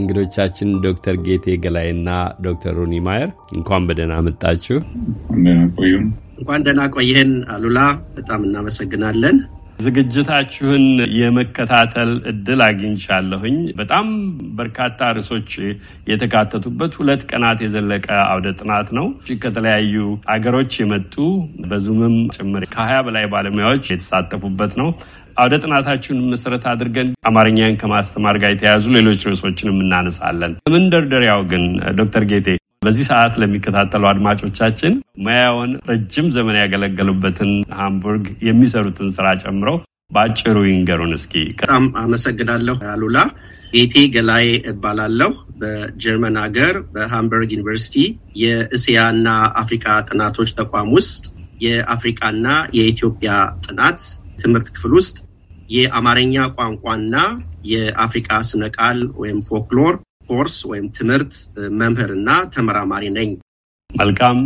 እንግዶቻችን ዶክተር ጌቴ ገላይና ዶክተር ሩኒ ማየር እንኳን በደህና መጣችሁ። እንኳን ደህና ቆየህን አሉላ፣ በጣም እናመሰግናለን። ዝግጅታችሁን የመከታተል እድል አግኝቻለሁኝ። በጣም በርካታ ርዕሶች የተካተቱበት ሁለት ቀናት የዘለቀ አውደ ጥናት ነው። ከተለያዩ አገሮች የመጡ በዙምም ጭምር ከሀያ በላይ ባለሙያዎች የተሳተፉበት ነው። አውደ ጥናታችሁን መሰረት አድርገን አማርኛን ከማስተማር ጋር የተያያዙ ሌሎች ርዕሶችንም እናነሳለን። መንደርደሪያው ግን ዶክተር ጌቴ በዚህ ሰዓት ለሚከታተሉ አድማጮቻችን ሙያውን ረጅም ዘመን ያገለገሉበትን ሃምቡርግ የሚሰሩትን ስራ ጨምሮ በአጭሩ ይንገሩን እስኪ። በጣም አመሰግናለሁ አሉላ። ጌቴ ገላዬ እባላለሁ። በጀርመን ሀገር በሃምበርግ ዩኒቨርሲቲ የእስያና አፍሪካ ጥናቶች ተቋም ውስጥ የአፍሪካና የኢትዮጵያ ጥናት ትምህርት ክፍል ውስጥ የአማርኛ ቋንቋና የአፍሪካ ስነ ቃል ወይም ፎክሎር ኮርስ ወይም ትምህርት መምህርና ተመራማሪ ነኝ። መልካም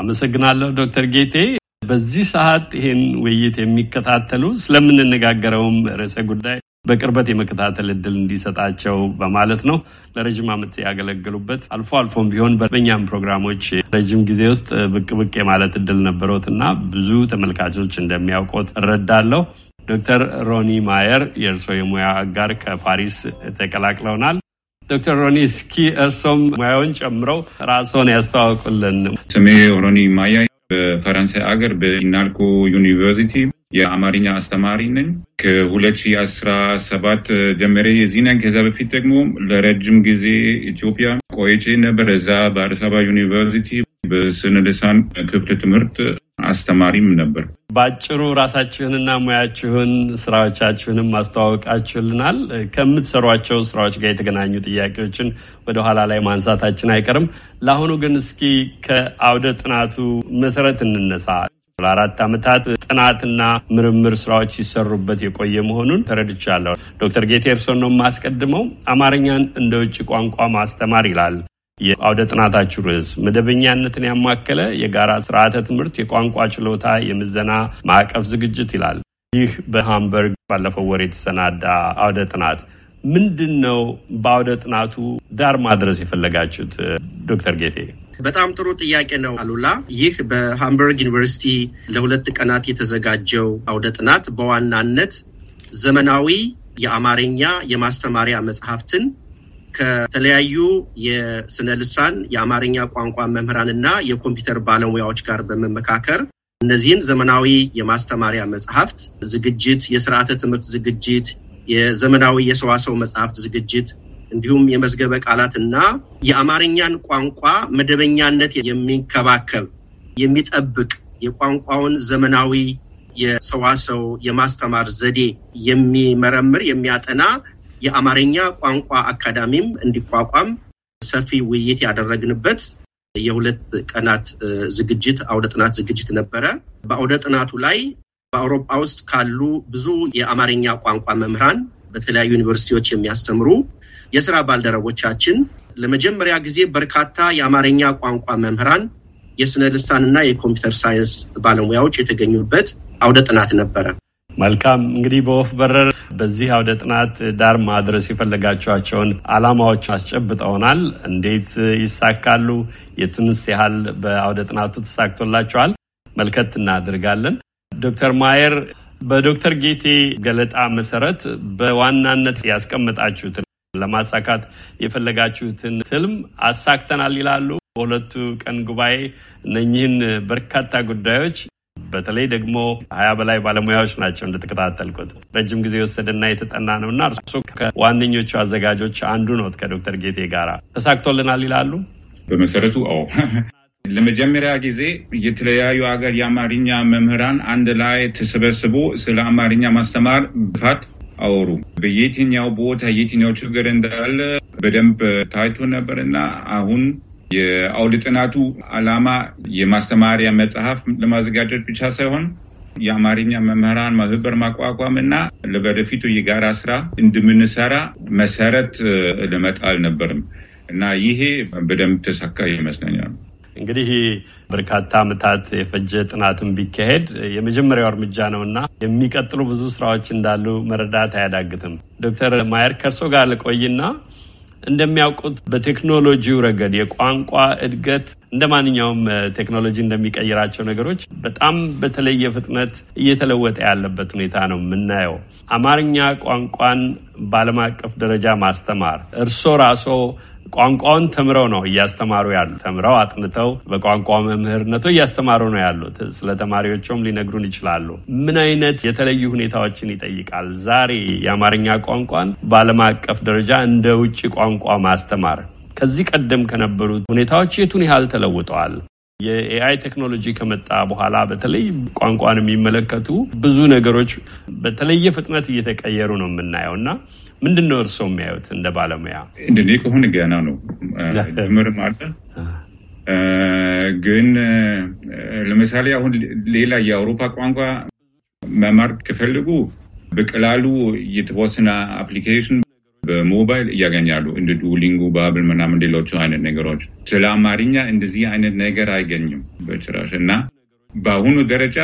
አመሰግናለሁ ዶክተር ጌቴ። በዚህ ሰዓት ይህን ውይይት የሚከታተሉ ስለምንነጋገረውም ርዕሰ ጉዳይ በቅርበት የመከታተል እድል እንዲሰጣቸው በማለት ነው። ለረዥም ዓመት ያገለገሉበት አልፎ አልፎም ቢሆን በእኛም ፕሮግራሞች ረዥም ጊዜ ውስጥ ብቅ ብቅ የማለት እድል ነበሮት እና ብዙ ተመልካቾች እንደሚያውቁት እረዳለሁ። ዶክተር ሮኒ ማየር የእርስዎ የሙያ አጋር ከፓሪስ ተቀላቅለውናል። ዶክተር ሮኒ እስኪ እርሶም ሙያውን ጨምረው ራስዎን ያስተዋውቁልን። ስሜ ሮኒ ማያ፣ በፈረንሳይ አገር በኢናልኮ ዩኒቨርሲቲ የአማርኛ አስተማሪ ነኝ አስራ ሰባት ጀመሬ የዚህ ነኝ። ከዛ በፊት ደግሞ ለረጅም ጊዜ ኢትዮጵያ ቆይቼ ነበር። እዛ በአዲስ አበባ ዩኒቨርሲቲ በስነ ልሳን ክፍል ትምህርት አስተማሪም ነበር። በአጭሩ ራሳችሁንና ሙያችሁን ስራዎቻችሁንም ማስተዋወቃችሁልናል። ከምትሰሯቸው ስራዎች ጋር የተገናኙ ጥያቄዎችን ወደኋላ ላይ ማንሳታችን አይቀርም። ለአሁኑ ግን እስኪ ከአውደ ጥናቱ መሰረት እንነሳ። ለአራት ዓመታት ጥናትና ምርምር ስራዎች ሲሰሩበት የቆየ መሆኑን ተረድቻለሁ። ዶክተር ጌቴ እርሶን ነው የማስቀድመው። አማርኛን እንደ ውጭ ቋንቋ ማስተማር ይላል የአውደ ጥናታችሁ ርዕስ መደበኛነትን ያማከለ የጋራ ስርዓተ ትምህርት የቋንቋ ችሎታ የምዘና ማዕቀፍ ዝግጅት ይላል። ይህ በሃምበርግ ባለፈው ወር የተሰናዳ አውደ ጥናት ምንድን ነው? በአውደ ጥናቱ ዳር ማድረስ የፈለጋችሁት ዶክተር ጌቴ? በጣም ጥሩ ጥያቄ ነው አሉላ። ይህ በሃምበርግ ዩኒቨርሲቲ ለሁለት ቀናት የተዘጋጀው አውደ ጥናት በዋናነት ዘመናዊ የአማርኛ የማስተማሪያ መጽሐፍትን ከተለያዩ የስነ ልሳን የአማርኛ ቋንቋ መምህራንና የኮምፒውተር ባለሙያዎች ጋር በመመካከር እነዚህን ዘመናዊ የማስተማሪያ መጽሐፍት ዝግጅት፣ የስርዓተ ትምህርት ዝግጅት፣ የዘመናዊ የሰዋሰው መጽሐፍት ዝግጅት እንዲሁም የመዝገበ ቃላት እና የአማርኛን ቋንቋ መደበኛነት የሚንከባከብ የሚጠብቅ የቋንቋውን ዘመናዊ የሰዋሰው የማስተማር ዘዴ የሚመረምር የሚያጠና የአማርኛ ቋንቋ አካዳሚም እንዲቋቋም ሰፊ ውይይት ያደረግንበት የሁለት ቀናት ዝግጅት አውደ ጥናት ዝግጅት ነበረ። በአውደ ጥናቱ ላይ በአውሮፓ ውስጥ ካሉ ብዙ የአማርኛ ቋንቋ መምህራን በተለያዩ ዩኒቨርሲቲዎች የሚያስተምሩ የስራ ባልደረቦቻችን ለመጀመሪያ ጊዜ በርካታ የአማርኛ ቋንቋ መምህራን፣ የስነ ልሳንና የኮምፒውተር ሳይንስ ባለሙያዎች የተገኙበት አውደ ጥናት ነበረ። መልካም እንግዲህ በወፍ በረር በዚህ አውደ ጥናት ዳር ማድረስ የፈለጋቸዋቸውን አላማዎች አስጨብጠውናል። እንዴት ይሳካሉ? የትንስ ያህል በአውደ ጥናቱ ተሳክቶላቸዋል? መልከት እናድርጋለን። ዶክተር ማየር በዶክተር ጌቴ ገለጣ መሰረት በዋናነት ያስቀመጣችሁትን ለማሳካት የፈለጋችሁትን ትልም አሳክተናል ይላሉ። በሁለቱ ቀን ጉባኤ እነኚህን በርካታ ጉዳዮች በተለይ ደግሞ ሀያ በላይ ባለሙያዎች ናቸው እንደተከታተልኩት ረጅም ጊዜ የወሰደና የተጠና ነው እና እርሱ ከዋነኞቹ አዘጋጆች አንዱ ነት ከዶክተር ጌቴ ጋራ ተሳክቶልናል ይላሉ። በመሰረቱ አዎ፣ ለመጀመሪያ ጊዜ የተለያዩ ሀገር የአማርኛ መምህራን አንድ ላይ ተሰበስቦ ስለ አማርኛ ማስተማር ብፋት አወሩ። በየትኛው ቦታ የትኛው ችግር እንዳለ በደንብ ታይቶ ነበር እና አሁን የአውደ ጥናቱ ዓላማ የማስተማሪያ መጽሐፍ ለማዘጋጀት ብቻ ሳይሆን የአማርኛ መምህራን ማህበር ማቋቋም እና ለወደፊቱ የጋራ ስራ እንደምንሰራ መሰረት ለመጣል አልነበርም እና ይሄ በደንብ ተሳካ ይመስለኛል። እንግዲህ በርካታ ዓመታት የፈጀ ጥናትን ቢካሄድ የመጀመሪያው እርምጃ ነው እና የሚቀጥሉ ብዙ ስራዎች እንዳሉ መረዳት አያዳግትም። ዶክተር ማየር ከእርሶ ጋር ልቆይና እንደሚያውቁት በቴክኖሎጂው ረገድ የቋንቋ እድገት እንደ ማንኛውም ቴክኖሎጂ እንደሚቀይራቸው ነገሮች በጣም በተለየ ፍጥነት እየተለወጠ ያለበት ሁኔታ ነው የምናየው። አማርኛ ቋንቋን በዓለም አቀፍ ደረጃ ማስተማር እርስዎ ራስዎ ቋንቋውን ተምረው ነው እያስተማሩ ያሉ ተምረው አጥንተው በቋንቋ መምህርነቱ እያስተማሩ ነው ያሉት። ስለ ተማሪዎቹም ሊነግሩን ይችላሉ። ምን አይነት የተለዩ ሁኔታዎችን ይጠይቃል ዛሬ የአማርኛ ቋንቋን በዓለም አቀፍ ደረጃ እንደ ውጭ ቋንቋ ማስተማር? ከዚህ ቀደም ከነበሩት ሁኔታዎች የቱን ያህል ተለውጠዋል? የኤአይ ቴክኖሎጂ ከመጣ በኋላ በተለይ ቋንቋን የሚመለከቱ ብዙ ነገሮች በተለየ ፍጥነት እየተቀየሩ ነው የምናየው እና ምንድን ነው እርስዎ የሚያዩት እንደ ባለሙያ? እንደኔ ከሆነ ገና ነው ጀምርም አለ። ግን ለምሳሌ አሁን ሌላ የአውሮፓ ቋንቋ መማር ከፈልጉ በቀላሉ የተወሰነ አፕሊኬሽን በሞባይል እያገኛሉ እንደ ዱሊንጉ ባብል ምናምን ሌሎቹ አይነት ነገሮች። ስለ አማርኛ እንደዚህ አይነት ነገር አይገኝም በጭራሽ እና በአሁኑ ደረጃ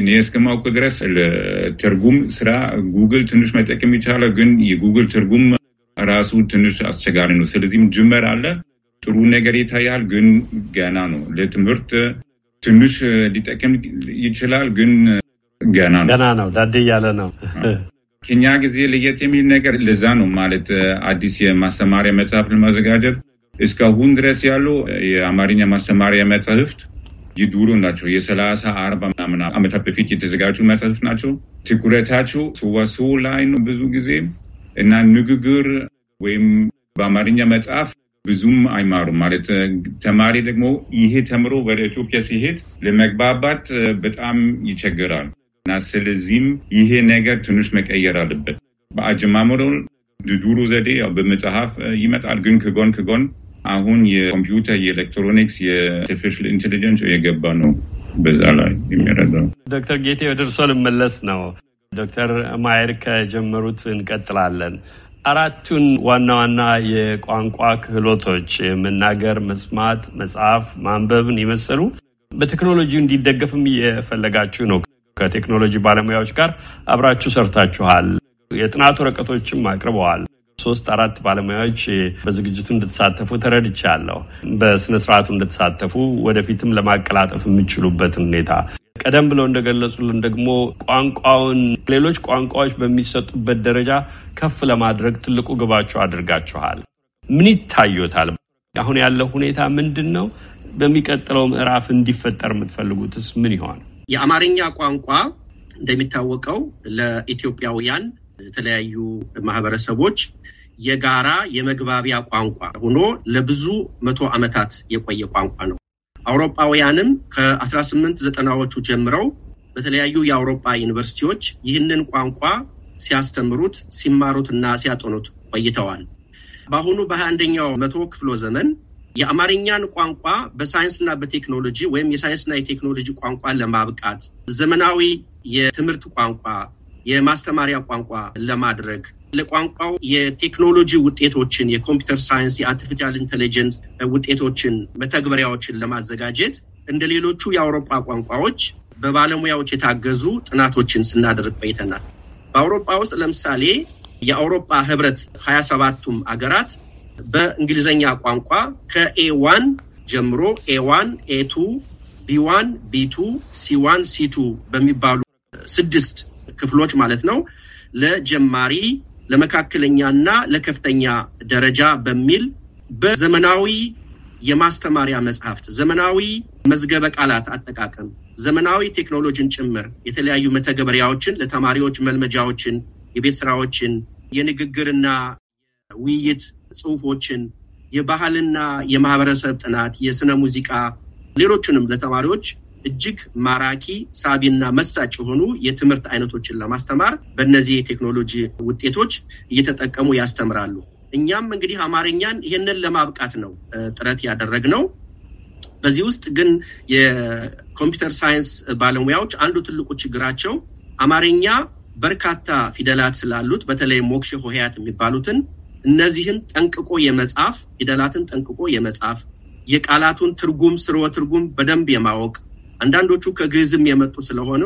እኔ እስከማውቅ ድረስ ለትርጉም ስራ ጉግል ትንሽ መጠቀም ይቻላል፣ ግን የጉግል ትርጉም ራሱ ትንሽ አስቸጋሪ ነው። ስለዚህም ጅምር አለ። ጥሩ ነገር ይታያል፣ ግን ገና ነው። ለትምህርት ትንሽ ሊጠቀም ይችላል፣ ግን ገና ነው። ገና ነው። ዳዴ እያለ ነው። ከኛ ጊዜ ለየት የሚል ነገር ለዛ ነው ማለት አዲስ የማስተማሪያ መጽሐፍ ለማዘጋጀት እስካሁን ድረስ ያሉ የአማርኛ ማስተማሪያ መጽሐፍት የዱሮ ናቸው። የሰላሳ አርባ ምናምን ዓመታት በፊት የተዘጋጁ መጽሐፍ ናቸው። ትኩረታቸው ስዋሱ ላይ ነው ብዙ ጊዜ እና ንግግር ወይም በአማርኛ መጽሐፍ ብዙም አይማሩም። ማለት ተማሪ ደግሞ ይሄ ተምሮ ወደ ኢትዮጵያ ሲሄድ ለመግባባት በጣም ይቸግራል እና ስለዚህም ይሄ ነገር ትንሽ መቀየር አለበት። በአጀማመሮ ድዱሮ ዘዴ ያው በመጽሐፍ ይመጣል፣ ግን ከጎን ከጎን አሁን የኮምፒውተር የኤሌክትሮኒክስ የአርቲፊሻል ኢንቴሊጀንስ የገባ ነው። በዛ ላይ የሚረዳው ዶክተር ጌቴ ወደ እርሶ ልመለስ ነው። ዶክተር ማየር ከጀመሩት እንቀጥላለን። አራቱን ዋና ዋና የቋንቋ ክህሎቶች መናገር፣ መስማት፣ መጽሐፍ፣ ማንበብን የመሰሉ በቴክኖሎጂ እንዲደገፍም እየፈለጋችሁ ነው። ከቴክኖሎጂ ባለሙያዎች ጋር አብራችሁ ሰርታችኋል። የጥናት ወረቀቶችም አቅርበዋል። ሶስት አራት ባለሙያዎች በዝግጅቱ እንደተሳተፉ ተረድቻለሁ። በስነ ስርዓቱ እንደተሳተፉ ወደፊትም ለማቀላጠፍ የሚችሉበትን ሁኔታ ቀደም ብለው እንደገለጹልን ደግሞ ቋንቋውን ሌሎች ቋንቋዎች በሚሰጡበት ደረጃ ከፍ ለማድረግ ትልቁ ግባችሁ አድርጋችኋል። ምን ይታዩታል? አሁን ያለው ሁኔታ ምንድን ነው? በሚቀጥለው ምዕራፍ እንዲፈጠር የምትፈልጉትስ ምን ይሆን? የአማርኛ ቋንቋ እንደሚታወቀው ለኢትዮጵያውያን የተለያዩ ማህበረሰቦች የጋራ የመግባቢያ ቋንቋ ሆኖ ለብዙ መቶ ዓመታት የቆየ ቋንቋ ነው። አውሮፓውያንም ከ 1890 ዘጠናዎቹ ጀምረው በተለያዩ የአውሮፓ ዩኒቨርሲቲዎች ይህንን ቋንቋ ሲያስተምሩት ሲማሩትና ሲያጠኑት ቆይተዋል። በአሁኑ በሃያ አንደኛው መቶ ክፍሎ ዘመን የአማርኛን ቋንቋ በሳይንስና በቴክኖሎጂ ወይም የሳይንስና የቴክኖሎጂ ቋንቋ ለማብቃት ዘመናዊ የትምህርት ቋንቋ የማስተማሪያ ቋንቋ ለማድረግ ለቋንቋው የቴክኖሎጂ ውጤቶችን የኮምፒውተር ሳይንስ፣ የአርቲፊሻል ኢንቴሊጀንስ ውጤቶችን፣ መተግበሪያዎችን ለማዘጋጀት እንደ ሌሎቹ የአውሮፓ ቋንቋዎች በባለሙያዎች የታገዙ ጥናቶችን ስናደርግ ቆይተናል። በአውሮፓ ውስጥ ለምሳሌ የአውሮፓ ህብረት ሀያ ሰባቱም አገራት በእንግሊዝኛ ቋንቋ ከኤዋን ጀምሮ ኤዋን፣ ኤቱ፣ ቢዋን፣ ቢቱ፣ ሲዋን፣ ሲቱ በሚባሉ ስድስት ክፍሎች ማለት ነው ለጀማሪ ለመካከለኛና ለከፍተኛ ደረጃ በሚል በዘመናዊ የማስተማሪያ መጽሐፍት፣ ዘመናዊ መዝገበ ቃላት አጠቃቀም፣ ዘመናዊ ቴክኖሎጂን ጭምር የተለያዩ መተገበሪያዎችን ለተማሪዎች መልመጃዎችን፣ የቤት ስራዎችን፣ የንግግርና ውይይት ጽሁፎችን፣ የባህልና የማህበረሰብ ጥናት፣ የስነ ሙዚቃ፣ ሌሎቹንም ለተማሪዎች እጅግ ማራኪ ሳቢና መሳጭ የሆኑ የትምህርት አይነቶችን ለማስተማር በእነዚህ የቴክኖሎጂ ውጤቶች እየተጠቀሙ ያስተምራሉ። እኛም እንግዲህ አማርኛን ይህንን ለማብቃት ነው ጥረት ያደረግነው። በዚህ ውስጥ ግን የኮምፒውተር ሳይንስ ባለሙያዎች አንዱ ትልቁ ችግራቸው አማርኛ በርካታ ፊደላት ስላሉት በተለይ ሞክሼ ሆሄያት የሚባሉትን እነዚህን ጠንቅቆ የመጻፍ ፊደላትን ጠንቅቆ የመጻፍ የቃላቱን ትርጉም ስርወ ትርጉም በደንብ የማወቅ አንዳንዶቹ ከግዕዝም የመጡ ስለሆኑ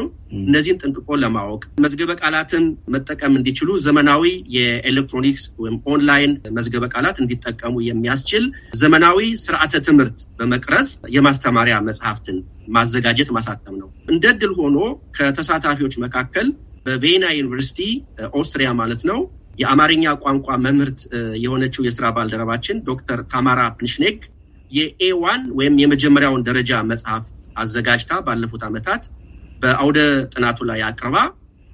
እነዚህን ጥንቅቆ ለማወቅ መዝገበ ቃላትን መጠቀም እንዲችሉ ዘመናዊ የኤሌክትሮኒክስ ወይም ኦንላይን መዝገበ ቃላት እንዲጠቀሙ የሚያስችል ዘመናዊ ስርዓተ ትምህርት በመቅረጽ የማስተማሪያ መጽሐፍትን ማዘጋጀት ማሳተም ነው። እንደ ድል ሆኖ ከተሳታፊዎች መካከል በቬና ዩኒቨርሲቲ ኦስትሪያ ማለት ነው የአማርኛ ቋንቋ መምህርት የሆነችው የስራ ባልደረባችን ዶክተር ታማራ ፕንሽኔክ የኤዋን ወይም የመጀመሪያውን ደረጃ መጽሐፍ አዘጋጅታ ባለፉት ዓመታት በአውደ ጥናቱ ላይ አቅርባ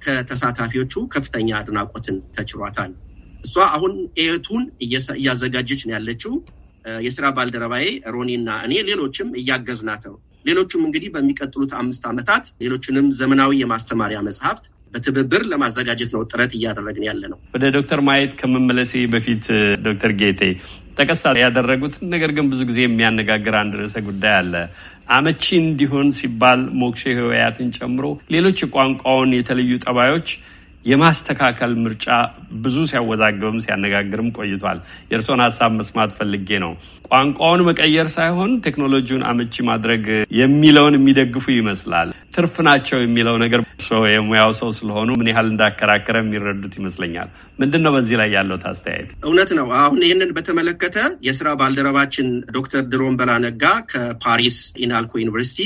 ከተሳታፊዎቹ ከፍተኛ አድናቆትን ተችሯታል። እሷ አሁን ኤቱን እያዘጋጀች ነው ያለችው። የስራ ባልደረባዬ ሮኒ እና እኔ ሌሎችም እያገዝናት ነው። ሌሎቹም እንግዲህ በሚቀጥሉት አምስት ዓመታት ሌሎችንም ዘመናዊ የማስተማሪያ መጽሐፍት በትብብር ለማዘጋጀት ነው ጥረት እያደረግን ያለ ነው። ወደ ዶክተር ማየት ከመመለሴ በፊት ዶክተር ጌቴ ጠቀስ ያደረጉት ነገር ግን ብዙ ጊዜ የሚያነጋግር አንድ ርዕሰ ጉዳይ አለ። አመቺ እንዲሆን ሲባል ሞክሼ ህወያትን ጨምሮ ሌሎች የቋንቋውን የተለዩ ጠባዮች የማስተካከል ምርጫ ብዙ ሲያወዛግብም ሲያነጋግርም ቆይቷል። የእርስዎን ሀሳብ መስማት ፈልጌ ነው። ቋንቋውን መቀየር ሳይሆን ቴክኖሎጂውን አመቺ ማድረግ የሚለውን የሚደግፉ ይመስላል። ትርፍ ናቸው የሚለው ነገር እርስዎ የሙያው ሰው ስለሆኑ ምን ያህል እንዳከራከረ የሚረዱት ይመስለኛል። ምንድን ነው በዚህ ላይ ያለው አስተያየት? እውነት ነው። አሁን ይህንን በተመለከተ የስራ ባልደረባችን ዶክተር ድሮን በላነጋ ከፓሪስ ኢናልኮ ዩኒቨርሲቲ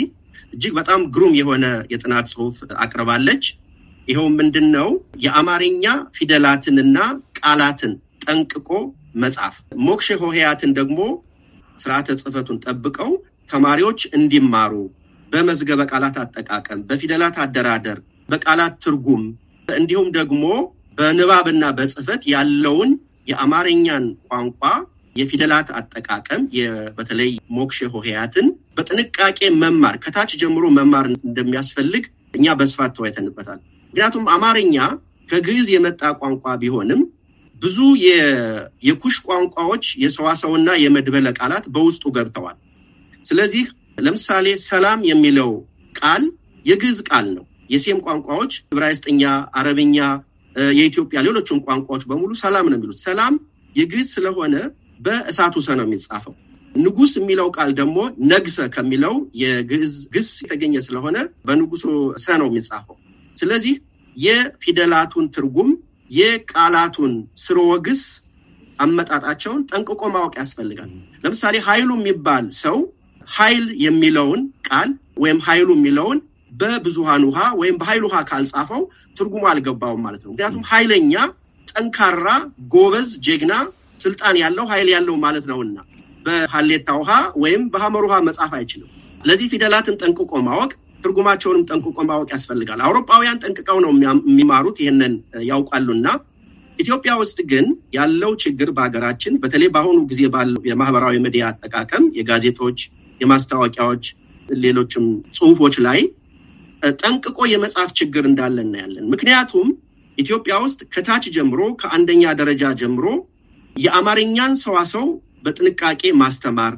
እጅግ በጣም ግሩም የሆነ የጥናት ጽሁፍ አቅርባለች። ይኸው ምንድን ነው የአማርኛ ፊደላትንና ቃላትን ጠንቅቆ መጻፍ። ሞክሼ ሆሄያትን ደግሞ ስርዓተ ጽፈቱን ጠብቀው ተማሪዎች እንዲማሩ በመዝገበ ቃላት አጠቃቀም፣ በፊደላት አደራደር፣ በቃላት ትርጉም እንዲሁም ደግሞ በንባብና በጽፈት ያለውን የአማርኛን ቋንቋ የፊደላት አጠቃቀም በተለይ ሞክሸ ሆሄያትን በጥንቃቄ መማር ከታች ጀምሮ መማር እንደሚያስፈልግ እኛ በስፋት ተወያይተንበታል። ምክንያቱም አማርኛ ከግዕዝ የመጣ ቋንቋ ቢሆንም ብዙ የኩሽ ቋንቋዎች የሰዋሰውና የመድበለ ቃላት በውስጡ ገብተዋል። ስለዚህ ለምሳሌ ሰላም የሚለው ቃል የግዕዝ ቃል ነው። የሴም ቋንቋዎች ዕብራይስጥኛ፣ አረብኛ፣ የኢትዮጵያ ሌሎችም ቋንቋዎች በሙሉ ሰላም ነው የሚሉት። ሰላም የግዕዝ ስለሆነ በእሳቱ ሰ ነው የሚጻፈው። ንጉስ የሚለው ቃል ደግሞ ነግሰ ከሚለው የግዕዝ ግስ የተገኘ ስለሆነ በንጉሱ ሰ ነው የሚጻፈው። ስለዚህ የፊደላቱን ትርጉም የቃላቱን ስርወግስ አመጣጣቸውን ጠንቅቆ ማወቅ ያስፈልጋል። ለምሳሌ ኃይሉ የሚባል ሰው ኃይል የሚለውን ቃል ወይም ኃይሉ የሚለውን በብዙሃን ውሃ ወይም በኃይል ውሃ ካልጻፈው ትርጉሙ አልገባውም ማለት ነው። ምክንያቱም ኃይለኛ፣ ጠንካራ፣ ጎበዝ፣ ጀግና፣ ስልጣን ያለው ኃይል ያለው ማለት ነውና በሀሌታ ውሃ ወይም በሀመር ውሃ መጻፍ አይችልም። ለዚህ ፊደላትን ጠንቅቆ ማወቅ ትርጉማቸውንም ጠንቅቆ ማወቅ ያስፈልጋል። አውሮፓውያን ጠንቅቀው ነው የሚማሩት፣ ይህንን ያውቃሉና ኢትዮጵያ ውስጥ ግን ያለው ችግር በሀገራችን በተለይ በአሁኑ ጊዜ ባለው የማህበራዊ ሚዲያ አጠቃቀም የጋዜጦች፣ የማስታወቂያዎች፣ ሌሎችም ጽሁፎች ላይ ጠንቅቆ የመጽሐፍ ችግር እንዳለ እናያለን። ምክንያቱም ኢትዮጵያ ውስጥ ከታች ጀምሮ ከአንደኛ ደረጃ ጀምሮ የአማርኛን ሰዋሰው በጥንቃቄ ማስተማር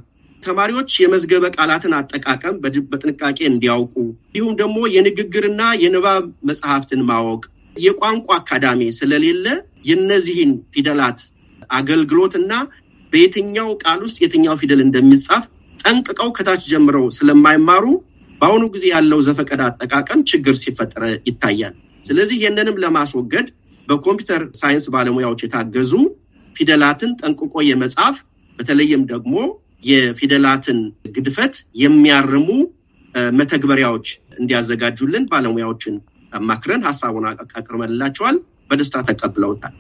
ተማሪዎች የመዝገበ ቃላትን አጠቃቀም በጥንቃቄ እንዲያውቁ እንዲሁም ደግሞ የንግግርና የንባብ መጽሐፍትን ማወቅ የቋንቋ አካዳሚ ስለሌለ የነዚህን ፊደላት አገልግሎትና በየትኛው ቃል ውስጥ የትኛው ፊደል እንደሚጻፍ ጠንቅቀው ከታች ጀምረው ስለማይማሩ በአሁኑ ጊዜ ያለው ዘፈቀድ አጠቃቀም ችግር ሲፈጠረ ይታያል። ስለዚህ ይህንንም ለማስወገድ በኮምፒውተር ሳይንስ ባለሙያዎች የታገዙ ፊደላትን ጠንቅቆ የመጻፍ በተለይም ደግሞ የፊደላትን ግድፈት የሚያርሙ መተግበሪያዎች እንዲያዘጋጁልን ባለሙያዎችን አማክረን ሀሳቡን አቅርበልላቸዋል። በደስታ ተቀብለውታል።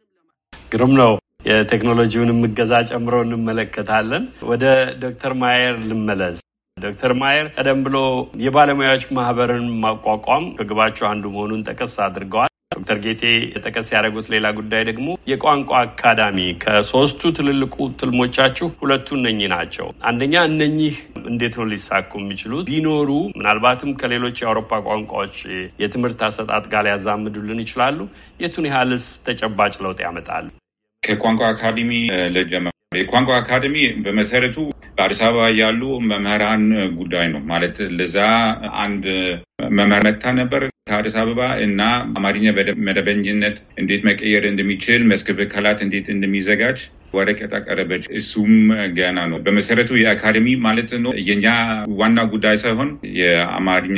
ግሩም ነው። የቴክኖሎጂውን እገዛ ጨምሮ እንመለከታለን። ወደ ዶክተር ማየር ልመለስ። ዶክተር ማየር ቀደም ብሎ የባለሙያዎች ማህበርን ማቋቋም ከግባቸው አንዱ መሆኑን ጠቀስ አድርገዋል። ዶክተር ጌቴ የጠቀስ ያደረጉት ሌላ ጉዳይ ደግሞ የቋንቋ አካዳሚ ከሶስቱ ትልልቁ ትልሞቻችሁ ሁለቱ እነኚህ ናቸው። አንደኛ እነኚህ እንዴት ነው ሊሳኩ የሚችሉት? ቢኖሩ ምናልባትም ከሌሎች የአውሮፓ ቋንቋዎች የትምህርት አሰጣጥ ጋር ሊያዛምዱልን ይችላሉ። የቱን ያህልስ ተጨባጭ ለውጥ ያመጣሉ? ከቋንቋ አካዴሚ ልጀምር። የቋንቋ አካዴሚ በመሰረቱ በአዲስ አበባ ያሉ መምህራን ጉዳይ ነው። ማለት ለዛ አንድ መማር መታ ነበር ከአዲስ አበባ እና አማርኛ መደበኝነት እንዴት መቀየር እንደሚችል መስክብ ካላት እንዴት እንደሚዘጋጅ ወረቀት አቀረበች። እሱም ገና ነው። በመሰረቱ የአካደሚ ማለት ነው የኛ ዋና ጉዳይ ሳይሆን የአማርኛ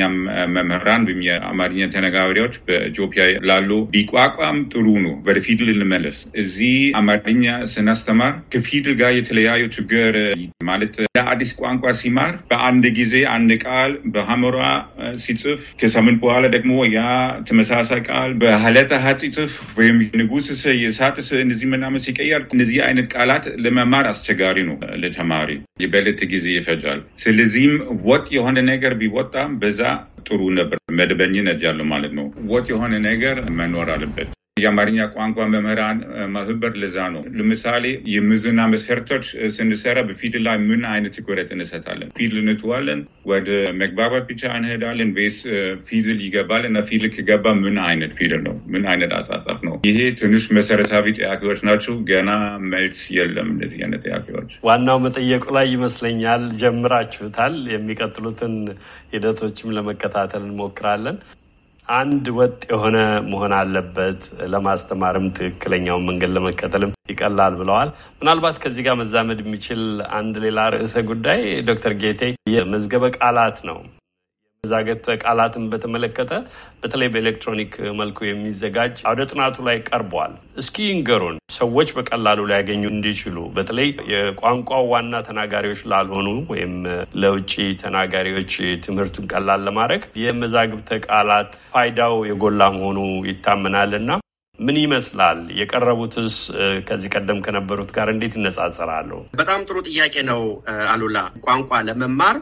መምህራን ወይም የአማርኛ ተነጋሪዎች በኢትዮጵያ ላሉ ቢቋቋም ጥሩ ነው። ወደ ልንመለስ። እዚህ አማርኛ ስናስተማር ከፊድል ጋር የተለያዩ ችግር ማለት ለአዲስ ቋንቋ ሲማር በአንድ ጊዜ አንድ ቃል በሀመራ ሲጽ ሲጽፍ ከሳምንት በኋላ ደግሞ ያ ተመሳሳይ ቃል በሀለተ ሀጽጽፍ ወይም ንጉስ ስ የሳት ስ እነዚህ ምናምን ሲቀየር እነዚህ አይነት ቃላት ለመማር አስቸጋሪ ነው ለተማሪ የበለት ጊዜ ይፈጃል። ስለዚህም ወጥ የሆነ ነገር ቢወጣም በዛ ጥሩ ነበር። መደበኝነት ያለው ማለት ነው። ወጥ የሆነ ነገር መኖር አለበት። የአማርኛ ቋንቋ መምህራን ማህበር ለዛ ነው። ለምሳሌ የምዝና መስፈርቶች ስንሰራ በፊድ ላይ ምን አይነት ትኩረት እንሰጣለን? ፊድል እንተዋለን? ወደ መግባባት ብቻ እንሄዳለን ወይስ ፊድል ይገባል? እና ፊድል ከገባ ምን አይነት ፊድል ነው? ምን አይነት አጻጻፍ ነው? ይሄ ትንሽ መሰረታዊ ጥያቄዎች ናቸው። ገና መልስ የለም እነዚህ አይነት ጥያቄዎች። ዋናው መጠየቁ ላይ ይመስለኛል ጀምራችሁታል። የሚቀጥሉትን ሂደቶችም ለመከታተል እንሞክራለን። አንድ ወጥ የሆነ መሆን አለበት፣ ለማስተማርም ትክክለኛውን መንገድ ለመከተልም ይቀላል ብለዋል። ምናልባት ከዚህ ጋር መዛመድ የሚችል አንድ ሌላ ርዕሰ ጉዳይ ዶክተር ጌቴ የመዝገበ ቃላት ነው። ዛገት ቃላትን በተመለከተ በተለይ በኤሌክትሮኒክ መልኩ የሚዘጋጅ አውደ ጥናቱ ላይ ቀርቧል። እስኪ ንገሩን ሰዎች በቀላሉ ሊያገኙ እንዲችሉ በተለይ የቋንቋው ዋና ተናጋሪዎች ላልሆኑ ወይም ለውጭ ተናጋሪዎች ትምህርቱን ቀላል ለማድረግ የመዛግብተ ቃላት ፋይዳው የጎላ መሆኑ ይታመናል እና ምን ይመስላል? የቀረቡትስ ከዚህ ቀደም ከነበሩት ጋር እንዴት እነጻጽራለሁ? በጣም ጥሩ ጥያቄ ነው አሉላ። ቋንቋ ለመማር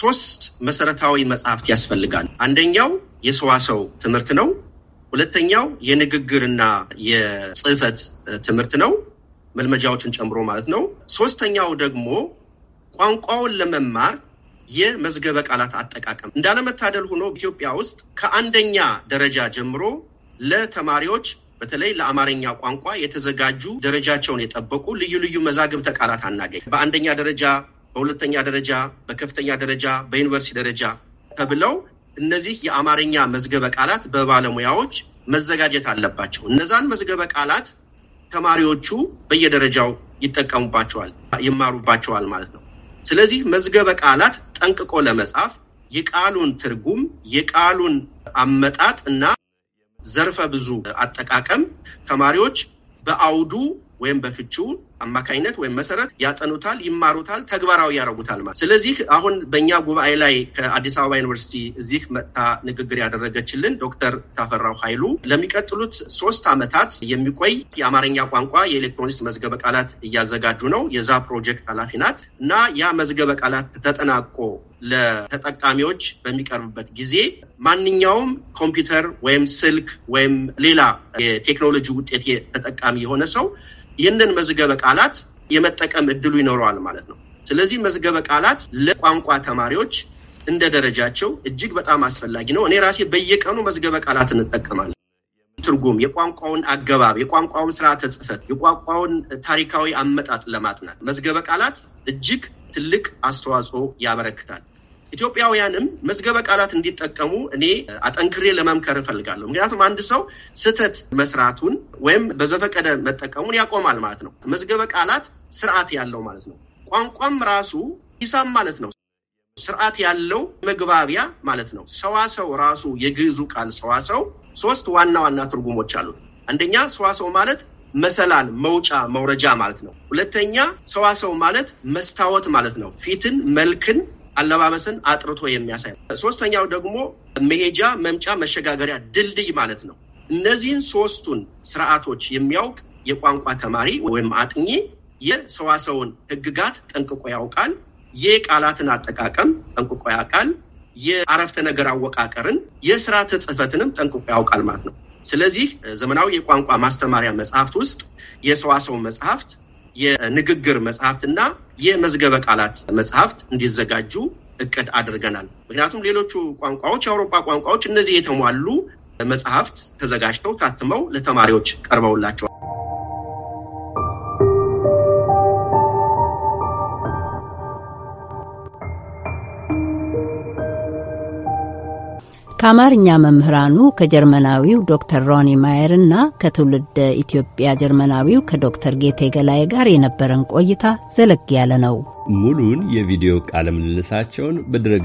ሶስት መሰረታዊ መጽሐፍት ያስፈልጋል። አንደኛው የሰዋሰው ትምህርት ነው። ሁለተኛው የንግግርና የጽህፈት ትምህርት ነው፣ መልመጃዎችን ጨምሮ ማለት ነው። ሶስተኛው ደግሞ ቋንቋውን ለመማር የመዝገበ ቃላት አጠቃቀም። እንዳለመታደል ሆኖ ኢትዮጵያ ውስጥ ከአንደኛ ደረጃ ጀምሮ ለተማሪዎች በተለይ ለአማርኛ ቋንቋ የተዘጋጁ ደረጃቸውን የጠበቁ ልዩ ልዩ መዛግብተ ቃላት አናገኝ። በአንደኛ ደረጃ በሁለተኛ ደረጃ፣ በከፍተኛ ደረጃ፣ በዩኒቨርሲቲ ደረጃ ተብለው እነዚህ የአማርኛ መዝገበ ቃላት በባለሙያዎች መዘጋጀት አለባቸው። እነዛን መዝገበ ቃላት ተማሪዎቹ በየደረጃው ይጠቀሙባቸዋል፣ ይማሩባቸዋል ማለት ነው። ስለዚህ መዝገበ ቃላት ጠንቅቆ ለመጻፍ የቃሉን ትርጉም የቃሉን አመጣጥ እና ዘርፈ ብዙ አጠቃቀም ተማሪዎች በአውዱ ወይም በፍቺው አማካኝነት ወይም መሰረት ያጠኑታል፣ ይማሩታል፣ ተግባራዊ ያደረጉታል ማለት። ስለዚህ አሁን በእኛ ጉባኤ ላይ ከአዲስ አበባ ዩኒቨርሲቲ እዚህ መጥታ ንግግር ያደረገችልን ዶክተር ታፈራው ኃይሉ ለሚቀጥሉት ሶስት ዓመታት የሚቆይ የአማርኛ ቋንቋ የኤሌክትሮኒክስ መዝገበ ቃላት እያዘጋጁ ነው። የዛ ፕሮጀክት ኃላፊ ናት እና ያ መዝገበ ቃላት ተጠናቆ ለተጠቃሚዎች በሚቀርብበት ጊዜ ማንኛውም ኮምፒውተር ወይም ስልክ ወይም ሌላ የቴክኖሎጂ ውጤት ተጠቃሚ የሆነ ሰው ይህንን መዝገበ ቃላት የመጠቀም እድሉ ይኖረዋል ማለት ነው። ስለዚህ መዝገበ ቃላት ለቋንቋ ተማሪዎች እንደ ደረጃቸው እጅግ በጣም አስፈላጊ ነው። እኔ ራሴ በየቀኑ መዝገበ ቃላት እንጠቀማለን። ትርጉም፣ የቋንቋውን አገባብ፣ የቋንቋውን ስርዓተ ጽፈት የቋንቋውን ታሪካዊ አመጣጥ ለማጥናት መዝገበ ቃላት እጅግ ትልቅ አስተዋጽኦ ያበረክታል። ኢትዮጵያውያንም መዝገበ ቃላት እንዲጠቀሙ እኔ አጠንክሬ ለመምከር እፈልጋለሁ። ምክንያቱም አንድ ሰው ስህተት መስራቱን ወይም በዘፈቀደ መጠቀሙን ያቆማል ማለት ነው። መዝገበ ቃላት ስርዓት ያለው ማለት ነው። ቋንቋም ራሱ ሂሳብ ማለት ነው። ስርዓት ያለው መግባቢያ ማለት ነው። ሰዋሰው ራሱ የግዕዙ ቃል ሰዋሰው ሶስት ዋና ዋና ትርጉሞች አሉት። አንደኛ ሰዋሰው ማለት መሰላል፣ መውጫ፣ መውረጃ ማለት ነው። ሁለተኛ ሰዋሰው ማለት መስታወት ማለት ነው። ፊትን፣ መልክን አለባበስን አጥርቶ የሚያሳይ ሶስተኛው ደግሞ መሄጃ፣ መምጫ፣ መሸጋገሪያ ድልድይ ማለት ነው። እነዚህን ሶስቱን ስርዓቶች የሚያውቅ የቋንቋ ተማሪ ወይም አጥኚ የሰዋሰውን ህግጋት ጠንቅቆ ያውቃል። የቃላትን አጠቃቀም ጠንቅቆ ያውቃል። የአረፍተ ነገር አወቃቀርን፣ የስርዓተ ጽህፈትንም ጠንቅቆ ያውቃል ማለት ነው። ስለዚህ ዘመናዊ የቋንቋ ማስተማሪያ መጽሐፍት ውስጥ የሰዋሰው መጽሐፍት የንግግር መጽሐፍትና የመዝገበ ቃላት መጽሐፍት እንዲዘጋጁ እቅድ አድርገናል። ምክንያቱም ሌሎቹ ቋንቋዎች የአውሮፓ ቋንቋዎች እነዚህ የተሟሉ መጽሐፍት ተዘጋጅተው ታትመው ለተማሪዎች ቀርበውላቸዋል። ከአማርኛ መምህራኑ ከጀርመናዊው ዶክተር ሮኒ ማየር እና ከትውልድ ኢትዮጵያ ጀርመናዊው ከዶክተር ጌቴ ገላይ ጋር የነበረን ቆይታ ዘለግ ያለ ነው። ሙሉን የቪዲዮ ቃለ ምልልሳቸውን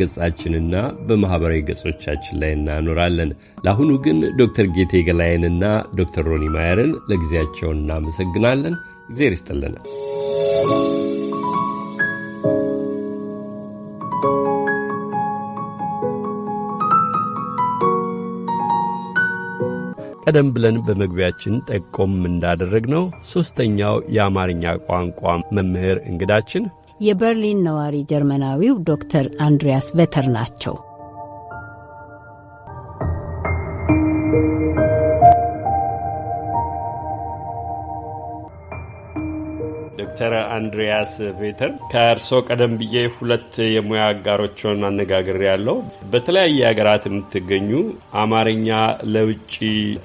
ገጻችንና በማኅበራዊ ገጾቻችን ላይ እናኖራለን። ለአሁኑ ግን ዶክተር ጌቴ ገላይንና ዶክተር ሮኒ ማየርን ለጊዜያቸውን እናመሰግናለን። እግዜር ይስጥልን። ቀደም ብለን በመግቢያችን ጠቆም እንዳደረግ ነው! ሦስተኛው የአማርኛ ቋንቋ መምህር እንግዳችን የበርሊን ነዋሪ ጀርመናዊው ዶክተር አንድሪያስ ቬተር ናቸው። ዶክተር አንድሪያስ ቬተር ከእርስዎ ቀደም ብዬ ሁለት የሙያ አጋሮችን አነጋግር ያለው በተለያየ ሀገራት የምትገኙ አማርኛ ለውጭ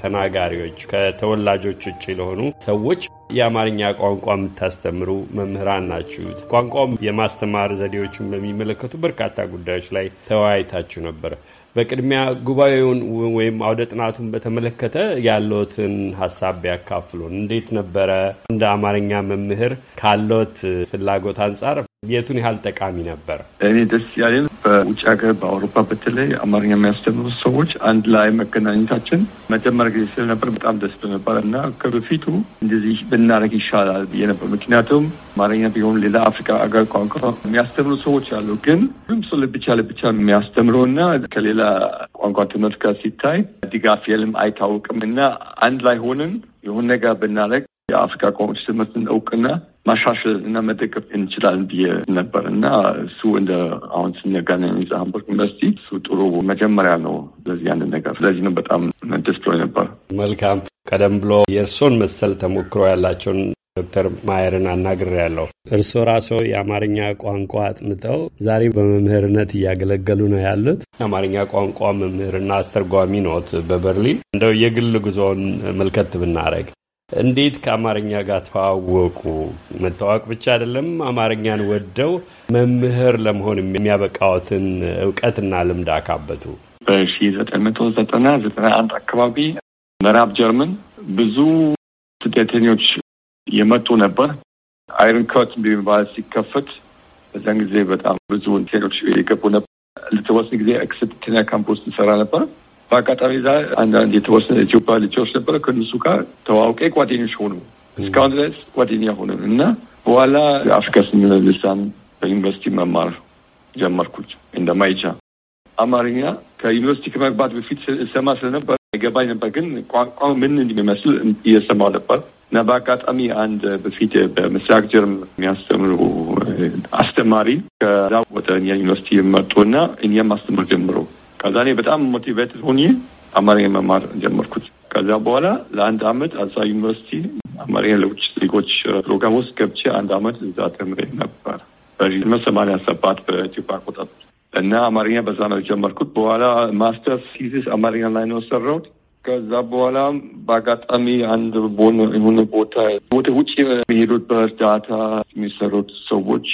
ተናጋሪዎች ከተወላጆች ውጭ ለሆኑ ሰዎች የአማርኛ ቋንቋ የምታስተምሩ መምህራን ናችሁ። ቋንቋም የማስተማር ዘዴዎችን በሚመለከቱ በርካታ ጉዳዮች ላይ ተወያይታችሁ ነበር። በቅድሚያ ጉባኤውን ወይም አውደ ጥናቱን በተመለከተ ያለዎትን ሀሳብ ቢያካፍሉን። እንዴት ነበረ? እንደ አማርኛ መምህር ካለዎት ፍላጎት አንጻር የቱን ያህል ጠቃሚ ነበር? እኔ ደስ ያለኝ በውጭ ሀገር በአውሮፓ በተለይ አማርኛ የሚያስተምሩ ሰዎች አንድ ላይ መገናኘታችን መጀመሪያ ጊዜ ስለነበር በጣም ደስ ነበር እና ከበፊቱ እንደዚህ ብናደርግ ይሻላል ብዬ ነበር። ምክንያቱም አማርኛ ቢሆን ሌላ አፍሪካ ሀገር ቋንቋ የሚያስተምሩ ሰዎች አሉ፣ ግን ሁሉም ሰው ለብቻ ለብቻ የሚያስተምረው እና ከሌላ ቋንቋ ትምህርት ጋር ሲታይ ድጋፍ የለም አይታወቅም እና አንድ ላይ ሆንን የሆን ነገር ብናደርግ የአፍሪካ ቋንቋ ትምህርትን እውቅና ማሻሻል እና መደገፍ እንችላለን ብዬ ነበር እና እሱ እንደ አሁን ስንገናኝ እዛ ሃምቡርግ ዩኒቨርሲቲ እሱ ጥሩ መጀመሪያ ነው ለዚህ አንድ ነገር። ስለዚህ ነው በጣም ደስ ብሎኝ ነበር። መልካም። ቀደም ብሎ የእርሶን መሰል ተሞክሮ ያላቸውን ዶክተር ማየርን አናግሬያለሁ። እርስዎ ራስዎ የአማርኛ ቋንቋ አጥንተው ዛሬ በመምህርነት እያገለገሉ ነው ያሉት። የአማርኛ ቋንቋ መምህርና አስተርጓሚ ኖት በበርሊን። እንደው የግል ጉዞውን መልከት ብናረግ እንዴት ከአማርኛ ጋር ተዋወቁ? መተዋወቅ ብቻ አይደለም፣ አማርኛን ወደው መምህር ለመሆን የሚያበቃዎትን እውቀትና ልምድ አካበቱ። በሺ ዘጠኝ መቶ ዘጠና ዘጠና አንድ አካባቢ ምዕራብ ጀርመን ብዙ ስደተኞች የመጡ ነበር። አይርን ከት በሚባል ሲከፈት በዛን ጊዜ በጣም ብዙ ሴቶች የገቡ ነበር። ለተወሰነ ጊዜ ስደተኛ ካምፕ ውስጥ እንሰራ ነበር። በአጋጣሚ ዛ አንዳንድ የተወሰነ ኢትዮጵያ ልጆች ነበረ። ከእነሱ ጋር ተዋውቄ ጓደኞች ሆኑ። እስካሁን ድረስ ጓደኛ ሆነን እና በኋላ አፍሪካ ስነ ልሳን በዩኒቨርሲቲ መማር ጀመርኩት እንደ ማይቻ አማርኛ ከዩኒቨርሲቲ ከመግባት በፊት ሰማ ስለነበር አይገባኝ ነበር፣ ግን ቋንቋ ምን እንደሚመስል እየሰማው ነበር እና በአጋጣሚ አንድ በፊት በምስራቅ ጀርመን የሚያስተምሩ አስተማሪ ከዛ ወደ እኛ ዩኒቨርሲቲ እና እኛም ማስተምር ጀምረው ከዛ እኔ በጣም ሞቲቬትድ ሆኜ አማርኛ መማር ጀመርኩት። ከዛ በኋላ ለአንድ አመት አሳ ዩኒቨርሲቲ አማርኛ ለውጭ ዜጎች ፕሮግራም ውስጥ ገብቼ አንድ አመት እዛ ተምሬ ነበር በሰማንያ ሰባት በኢትዮጵያ አቆጣጠር እና አማርኛ በዛ ነው የጀመርኩት። በኋላ ማስተርስ ሲዚስ አማርኛ ላይ ነው ሰራሁት። ከዛ በኋላ በአጋጣሚ አንድ የሆነ ቦታ ወደ ውጭ የሚሄዱት በእርዳታ የሚሰሩት ሰዎች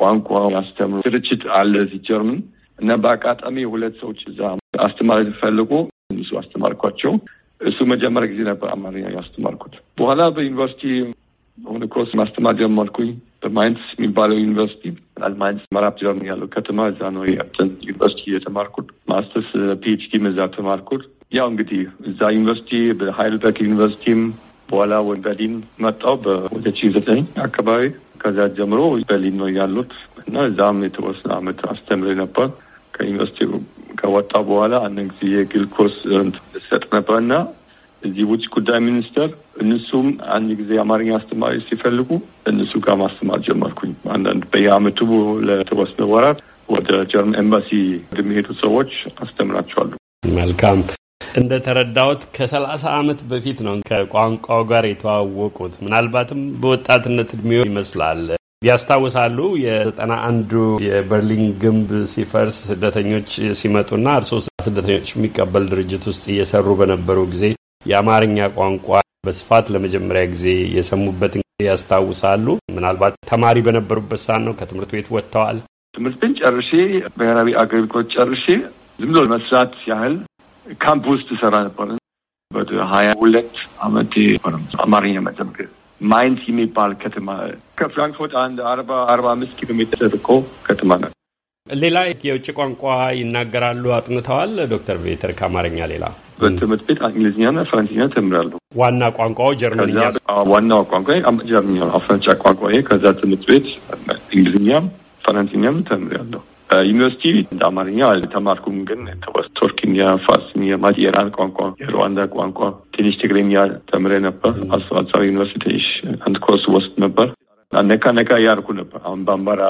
ቋንቋ ያስተምሩ ድርጅት አለ እዚህ ጀርመን እና በአጋጣሚ ሁለት ሰዎች እዛ አስተማሪ ሲፈልጉ እሱ አስተማርኳቸው። እሱ መጀመሪያ ጊዜ ነበር አማርኛ ያስተማርኩት። በኋላ በዩኒቨርሲቲ ሆነ ኮርስ ማስተማር ጀመርኩኝ። በማይንስ የሚባለው ዩኒቨርሲቲ ማይንስ መራብ ጀርመን ያለው ከተማ እዛ ነው ያብትን ዩኒቨርሲቲ የተማርኩት። ማስተርስ ፒኤችዲ እዛ ተማርኩት። ያው እንግዲህ እዛ ዩኒቨርሲቲ በሃይልበርግ ዩኒቨርሲቲም በኋላ ወደ በርሊን መጣው በሁለት ሺህ ዘጠኝ አካባቢ። ከዛ ጀምሮ በርሊን ነው ያሉት እና እዛም የተወሰነ አመት አስተምሬ ነበር። ከዩኒቨርሲቲ ከወጣ በኋላ አንድ ጊዜ የግል ኮርስ ሰጥ ነበር ነበርና እዚህ ውጭ ጉዳይ ሚኒስተር እነሱም አንድ ጊዜ አማርኛ አስተማሪ ሲፈልጉ እነሱ ጋር ማስተማር ጀመርኩኝ። አንዳንድ በየአመቱ ለተወሰነ ወራት ወደ ጀርመን ኤምባሲ ወደሚሄዱ ሰዎች አስተምራቸዋለሁ። መልካም እንደ ተረዳሁት ከሰላሳ አመት በፊት ነው ከቋንቋው ጋር የተዋወቁት። ምናልባትም በወጣትነት እድሜው ይመስላል ያስታውሳሉ የዘጠና አንዱ የበርሊን ግንብ ሲፈርስ ስደተኞች ሲመጡና እርስዎ ስደተኞች የሚቀበል ድርጅት ውስጥ እየሰሩ በነበሩ ጊዜ የአማርኛ ቋንቋ በስፋት ለመጀመሪያ ጊዜ የሰሙበትን ያስታውሳሉ? ምናልባት ተማሪ በነበሩበት ሳን ነው። ከትምህርት ቤት ወጥተዋል። ትምህርትን ጨርሼ ብሔራዊ አገልግሎት ጨርሼ ዝም ብሎ መስራት ያህል ካምፕ ውስጥ እሰራ ነበር። በሀያ ሁለት አመት አማርኛ መተምክር ማይንስ የሚባል ከተማ ከፍራንክፉርት አንድ አርባ አርባ አምስት ኪሎ ሜትር ርቆ ከተማ ናት። ሌላ የውጭ ቋንቋ ይናገራሉ አጥንተዋል። ዶክተር ቤተር ከአማርኛ ሌላ በትምህርት ቤት እንግሊዝኛና ፈረንሲኛ ተምራሉ። ዋና ቋንቋው ጀርመንኛ፣ ዋናው ቋንቋ ጀርመንኛ አፍራንጫ ቋንቋ። ከዛ ትምህርት ቤት እንግሊዝኛም ፈረንሲኛም ተምራለሁ። ዩኒቨርሲቲ እንደ አማርኛ አልተማርኩም፣ ግን ቶርክኛ፣ ፋርስኛ ማለት የኢራን ቋንቋ፣ የሩዋንዳ ቋንቋ ትንሽ ትግርኛ ተምሬ ነበር። አስራ ዩኒቨርሲቲ ትንሽ አንድ ኮርስ ወስድ ነበር። ነካ ነካ ያርኩ ነበር። አሁን በአምባራ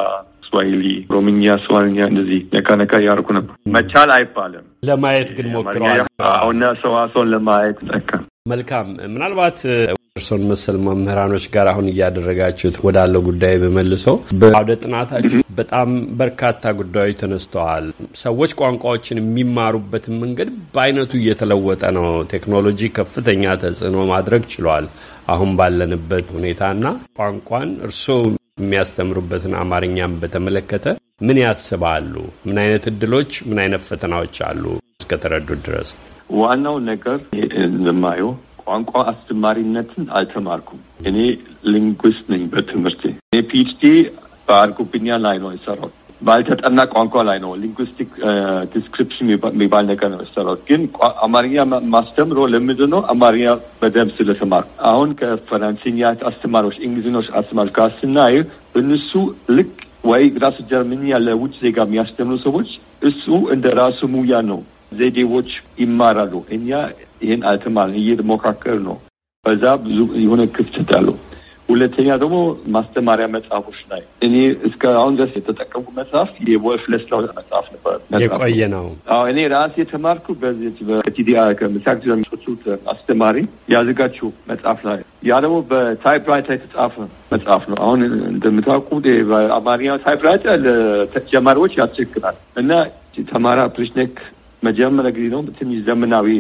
ስዋሂሊ፣ ሮምኛ፣ ስዋኒኛ እንደዚህ ነካ ነካ ያርኩ ነበር። መቻል አይባልም፣ ለማየት ግን ሞክረዋል። አሁና ሰዋሰውን ለማየት ጠቀም መልካም ምናልባት እርሶን መሰል መምህራኖች ጋር አሁን እያደረጋችሁት ወዳለው ጉዳይ በመልሶ በአውደ ጥናታችሁ በጣም በርካታ ጉዳዮች ተነስተዋል። ሰዎች ቋንቋዎችን የሚማሩበትን መንገድ በአይነቱ እየተለወጠ ነው። ቴክኖሎጂ ከፍተኛ ተጽዕኖ ማድረግ ችሏል። አሁን ባለንበት ሁኔታና ቋንቋን እርስዎ የሚያስተምሩበትን አማርኛም በተመለከተ ምን ያስባሉ? ምን አይነት እድሎች፣ ምን አይነት ፈተናዎች አሉ? እስከተረዱት ድረስ ዋናው ነገር እንደማየው ቋንቋ አስተማሪነትን አልተማርኩም። እኔ ሊንግዊስት ነኝ በትምህርቴ። እኔ ፒኤችዲ በአርጎብኛ ላይ ነው የሰራው ባልተጠና ቋንቋ ላይ ነው። ሊንግዊስቲክ ዲስክሪፕሽን የሚባል ነገር ነው የሰራሁት። ግን አማርኛ ማስተምሮ ለምንድን ነው? አማርኛ በደንብ ስለተማርኩ። አሁን ከፈረንሲኛ አስተማሪዎች፣ እንግሊዝኖች አስተማሪዎች ጋር ስናይ እነሱ ልክ ወይ ራሱ ጀርመንኛ ለውጭ ዜጋ የሚያስተምሩ ሰዎች እሱ እንደ ራሱ ሙያ ነው ዜዴዎች ይማራሉ። እኛ ይህን አልተማር እየተሞካከር ነው። በዛ ብዙ የሆነ ክፍተት አለው። ሁለተኛ ደግሞ ማስተማሪያ መጽሐፎች ላይ እኔ እስከ አሁን ድረስ የተጠቀምኩ መጽሐፍ የወልፍ ለስላው መጽሐፍ ነበር። የቆየ ነው። አዎ እኔ ራሴ የተማርኩ በዚህ በቲዲአር ከምሳክሶቹት አስተማሪ ያዘጋችው መጽሐፍ ላይ ያ ደግሞ በታይፕራይተር የተጻፈ መጽሐፍ ነው። አሁን እንደምታውቁ በአማርኛ ታይፕራይተር ለተጀማሪዎች ያስቸግራል እና ተማራ ፕሪሽኔክ መጀመሪያ ጊዜ ነው ትንሽ ዘመናዊ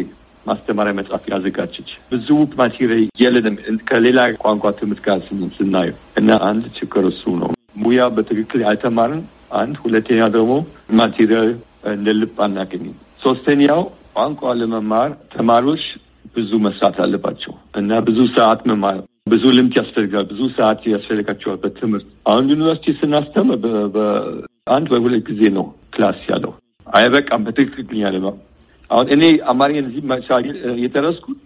ማስተማሪያ መጽሐፍ ያዘጋጀች ብዙ ማቴሪያል የለንም ከሌላ ቋንቋ ትምህርት ጋር ስናየው እና አንድ ችግር እሱ ነው። ሙያ በትክክል አይተማርን። አንድ ሁለተኛ ደግሞ ማቴሪያል እንደ ልብ አናገኝም። ሶስተኛው ቋንቋ ለመማር ተማሪዎች ብዙ መስራት አለባቸው እና ብዙ ሰዓት መማር ብዙ ልምድ ያስፈልጋል። ብዙ ሰዓት ያስፈልጋቸዋል በትምህርት አሁን ዩኒቨርሲቲ ስናስተምር በአንድ ወይ ሁለት ጊዜ ነው ክላስ ያለው አይበቃም። በትክክል ያለ አሁን እኔ አማርኛ እዚህ መቻል የተረስኩት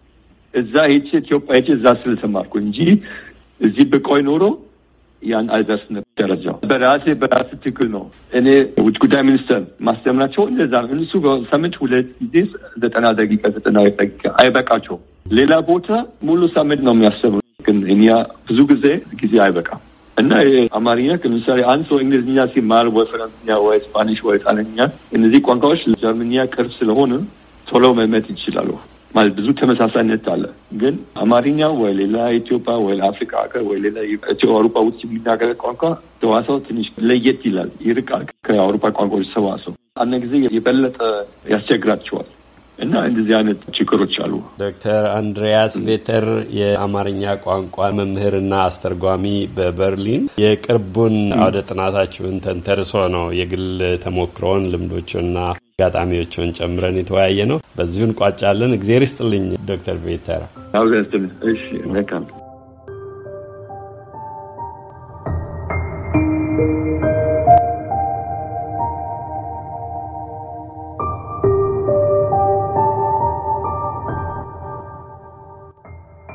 እዛ ሄቼ ኢትዮጵያ ሄቼ እዛ ስለተማርኩ እንጂ እዚህ ብቆይ ኖሮ ያን አልደርስ ነበር ደረጃው። በራሴ በራሴ ትክክል ነው። እኔ ውጭ ጉዳይ ሚኒስተር ማስተምናቸው እንደዛ እሱ ሳምንት ሁለት ጊዜ ዘጠና ደቂቃ ዘጠና ደቂቃ አይበቃቸው። ሌላ ቦታ ሙሉ ሳምንት ነው የሚያስተምሩ፣ ግን እኛ ብዙ ጊዜ ጊዜ አይበቃም። እና አማርኛ ለምሳሌ አንድ ሰው እንግሊዝኛ ሲማር ወይ ፈረንስኛ ወይ ስፓኒሽ ወይ ጣልያንኛ እነዚህ ቋንቋዎች ጀርመንኛ ቅርብ ስለሆነ ቶሎ መመት ይችላሉ። ማለት ብዙ ተመሳሳይነት አለ። ግን አማርኛ ወይ ሌላ ኢትዮጵያ ወይ ለአፍሪካ ሀገር ወይ ሌላ አውሮፓ ውስጥ የሚናገረ ቋንቋ ተዋሰው ትንሽ ለየት ይላል፣ ይርቃል ከአውሮፓ ቋንቋዎች ሰዋሰው። አንድ ጊዜ የበለጠ ያስቸግራቸዋል። እና እንደዚህ አይነት ችግሮች አሉ። ዶክተር አንድሪያስ ቤተር የአማርኛ ቋንቋ መምህርና አስተርጓሚ በበርሊን የቅርቡን አውደ ጥናታችሁን ተንተርሶ ነው የግል ተሞክሮውን ልምዶችና አጋጣሚዎችን ጨምረን የተወያየ ነው። በዚሁን ቋጫለን። እግዜር ይስጥልኝ ዶክተር ቤተር። እሺ መልካም